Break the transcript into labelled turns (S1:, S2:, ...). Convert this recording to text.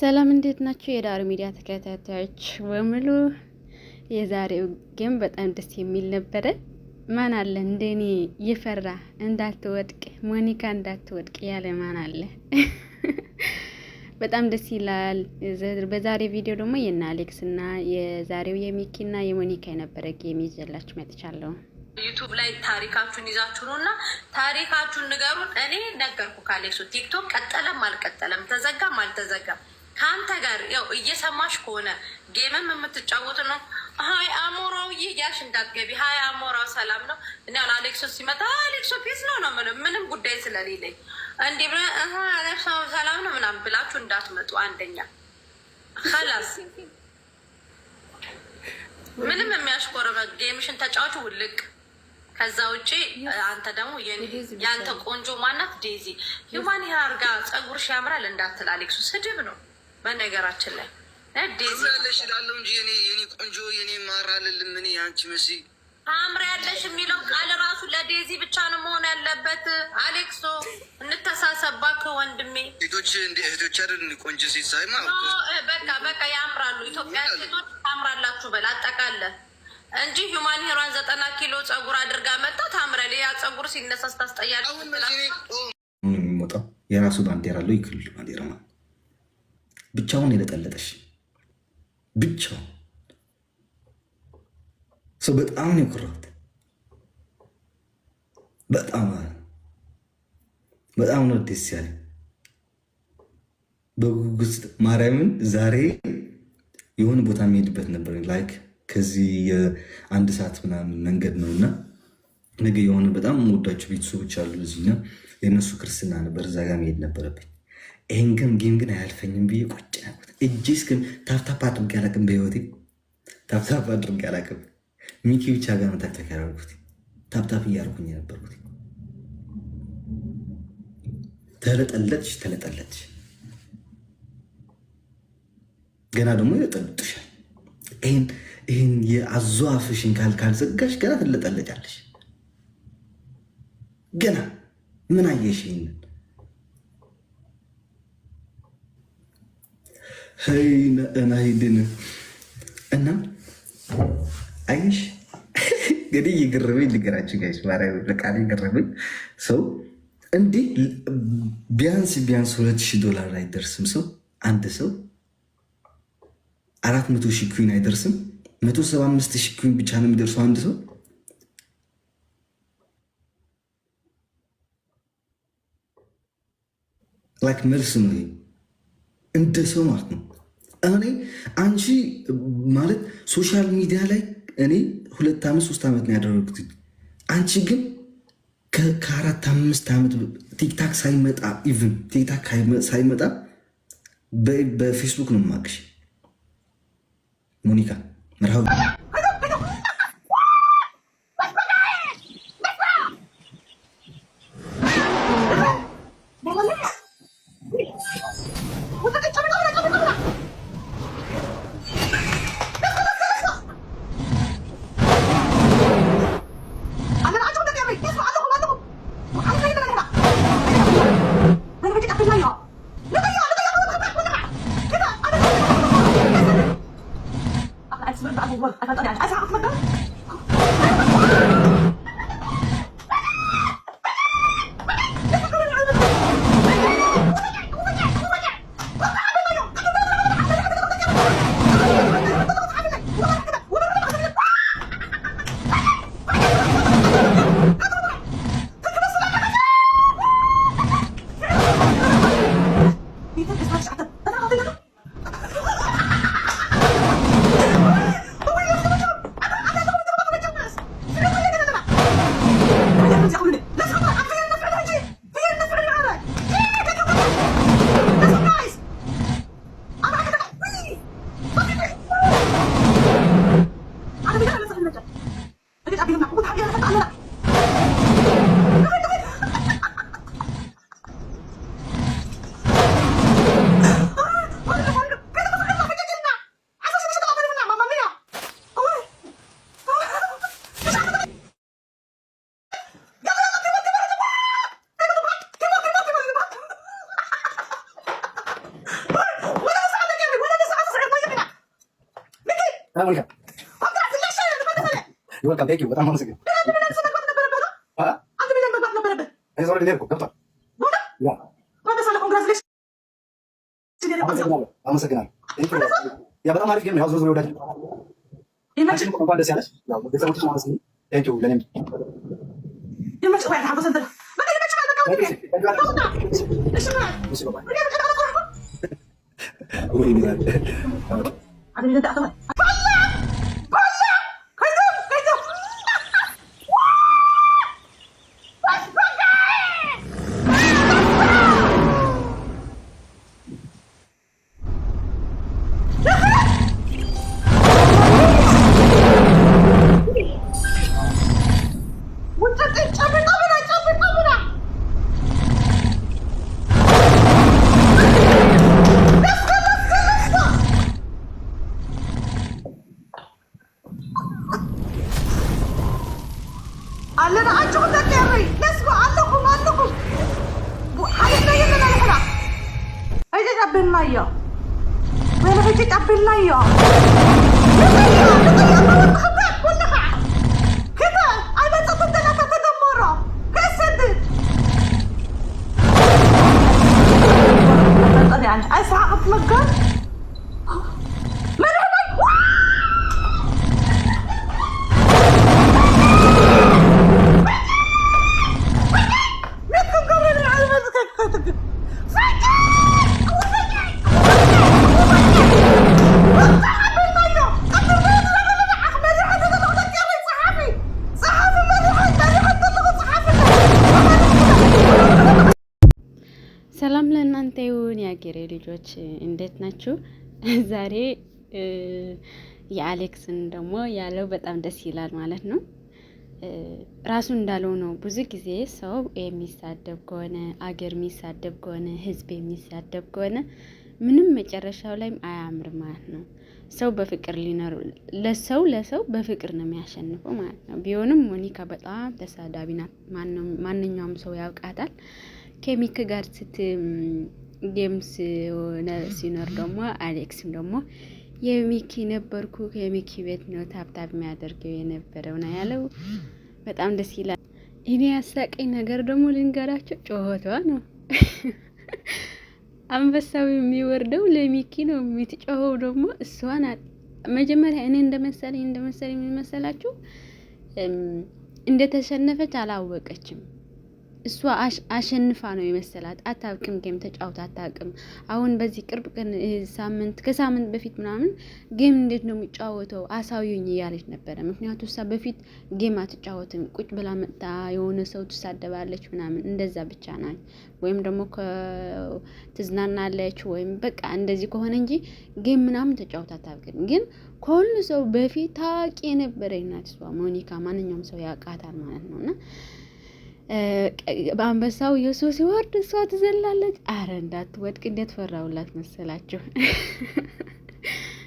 S1: ሰላም እንዴት ናቸው? የዳሩ ሚዲያ ተከታታዮች በሙሉ የዛሬው ጌም በጣም ደስ የሚል ነበረ። ማን አለ እንደኔ የፈራ እንዳትወድቅ ሞኒካ እንዳትወድቅ ያለ ማን አለ? በጣም ደስ ይላል። በዛሬ ቪዲዮ ደግሞ የነ አሌክስ እና የዛሬው የሚኪ እና የሞኒካ የነበረ ጌም ይዤላችሁ መጥቻለሁ።
S2: ዩቱብ ላይ ታሪካችሁን ይዛችሁ ነው እና ታሪካችሁን ንገሩን። እኔ ነገርኩ ካሌክሱ ቲክቶክ ቀጠለም አልቀጠለም ተዘጋም አልተዘጋም ከአንተ ጋር ያው እየሰማሽ ከሆነ ጌምም የምትጫወቱ ነው። ሀይ አሞራው ይህ ያሽ እንዳትገቢ። ሀይ አሞራው ሰላም ነው። እኔ አሁን አሌክሶ ሲመጣ አሌክሶ ፒስ ነው ነው ምንም ምንም ጉዳይ ስለሌለኝ እንዲህ ብለህ አሌክሶ ሰላም ነው ምናምን ብላችሁ እንዳትመጡ። አንደኛ ከላስ ምንም የሚያሽኮረበ ጌምሽን ተጫዋች ውልቅ። ከዛ ውጭ አንተ ደግሞ የአንተ ቆንጆ ማናት ዴዚ ሂማን ሄር አድርጋ ፀጉርሽ ያምራል እንዳትል አሌክሱ ስድብ ነው። በነገራችን ላይ
S3: ያለሽ እላለሁ እንጂ የኔ ቆንጆ የኔ ማራልል ምን እኔ አንቺ መሲ
S2: ታምር ያለሽ የሚለው ቃል ራሱ ለዴዚ ብቻ ነው መሆን ያለበት። አሌክሶ እንተሳሰባ ወንድሜ።
S3: ሴቶች እንደ እህቶች አይደል ቆንጆ ሴት ሳይ ማ
S2: በቃ በቃ ያምራሉ። ኢትዮጵያ ሴቶች ታምራላችሁ በል አጠቃለ እንጂ ሁማን ሄሯን ዘጠና ኪሎ ጸጉር አድርጋ መጣ ታምራል። ያ ጸጉር ሲነሳስ ታስጠያለሽ።
S4: የሚወጣው የራሱ ባንዴራ አለው የክልሉ ባንዴራ ነው ብቻውን የለጠለጠሽ ብቻው ሰው በጣም ነው የኩራት በጣም በጣም ነው ደስ ያለ በጉጉት ማርያምን ዛሬ የሆነ ቦታ የሚሄድበት ነበር። ላይክ ከዚህ የአንድ ሰዓት ምናምን መንገድ ነው እና ነገ የሆነ በጣም ወዳቸው ቤተሰቦች አሉ እዚህና የእነሱ ክርስትና ነበር። እዛ ጋር መሄድ ነበረብኝ። ይህን ግን ጌም ግን አያልፈኝም ብዬ ቆጭ ያልኩት እጅ እስክም ታፕታፕ አድርጌ አላቅም። በህይወቴ ታፕታፕ አድርጌ አላቅም። ሚኪ ብቻ ጋር ነው ያደርጉት ያደረኩት። ታፕታፕ እያልኩኝ የነበርኩት ተለጠለጥሽ ተለጠለጥሽ። ገና ደግሞ ይለጠልጡሻል። ይህን ይህን የአዞ አፍሽን ካልዘጋሽ ገና ትለጠለጫለሽ። ገና ምን አየሽ አየሽኝ ናይድን እና አይሽ እንግዲህ ልገራችሁ ጋይስ፣ ሰው እንዲህ ቢያንስ ቢያንስ ሁለት ሺህ ዶላር አይደርስም ሰው አንድ ሰው አራት መቶ ሺህ አይደርስም። መቶ ሰባ አምስት ሺህ ብቻ ነው የሚደርሰው አንድ ሰው ላይክ መልስ ነው እንደ ሰው ማለት ነው። እኔ አንቺ ማለት ሶሻል ሚዲያ ላይ እኔ ሁለት ዓመት ሶስት ዓመት ነው ያደረጉት። አንቺ ግን ከአራት አምስት ዓመት ቲክታክ ሳይመጣ ኢቭን ቲክታክ ሳይመጣ በፌስቡክ ነው የማውቅሽ ሞኒካ መርሃ
S5: አመሰግናለሁ። በጣም አሪፍ ነው።
S6: ያው అల్లరాజుకు దగ్గర్రి లెస్కో అల్లుకు అల్లుకు حيتبين لنا الحلا اجي طبي الميه وين بغيتي طبي الميه الميه الميه
S1: ሰላም ለእናንተ ይሁን የአገሬ ልጆች፣ እንዴት ናችሁ? ዛሬ የአሌክስን ደግሞ ያለው በጣም ደስ ይላል ማለት ነው። ራሱ እንዳለው ነው። ብዙ ጊዜ ሰው የሚሳደብ ከሆነ አገር የሚሳደብ ከሆነ ህዝብ የሚሳደብ ከሆነ ምንም መጨረሻው ላይም አያምር ማለት ነው። ሰው በፍቅር ሊኖር ለሰው ለሰው በፍቅር ነው የሚያሸንፈው ማለት ነው። ቢሆንም ሞኒካ በጣም ተሳዳቢ ናት። ማንኛውም ሰው ያውቃታል። ከሚክ ጋር ስት ጌምስ ሲኖር ደግሞ አሌክስም ደግሞ የሚኪ ነበርኩ ከሚኪ ቤት ነው ታብታብ የሚያደርገው የነበረው ነው ያለው። በጣም ደስ ይላል። እኔ ያሳቀኝ ነገር ደግሞ ልንገራቸው፣ ጮኸቷ ነው። አንበሳው የሚወርደው ለሚኪ ነው፣ የምትጮኸው ደግሞ እሷ ናት። መጀመሪያ እኔ እንደመሰለኝ እንደመሰለኝ የሚመሰላችሁ እንደተሸነፈች አላወቀችም። እሷ አሸንፋ ነው የመሰላት። አታውቅም፣ ጌም ተጫውታ አታውቅም። አሁን በዚህ ቅርብ ሳምንት ከሳምንት በፊት ምናምን ጌም እንዴት ነው የሚጫወተው አሳዩኝ እያለች ነበረ። ምክንያቱ እሷ በፊት ጌም አትጫወትም። ቁጭ ብላ መጥታ የሆነ ሰው ትሳደባለች ምናምን እንደዛ ብቻ ናት። ወይም ደግሞ ትዝናናለች ወይም በቃ እንደዚህ ከሆነ እንጂ ጌም ምናምን ተጫውታ አታውቅም። ግን ከሁሉ ሰው በፊት ታዋቂ የነበረ ናት እሷ። ሞኒካ ማንኛውም ሰው ያውቃታል ማለት ነው እና በአንበሳው የሱ ሲወርድ እሷ ትዘላለች። አረ እንዳትወድቅ እንዴት ፈራውላት መሰላችሁ?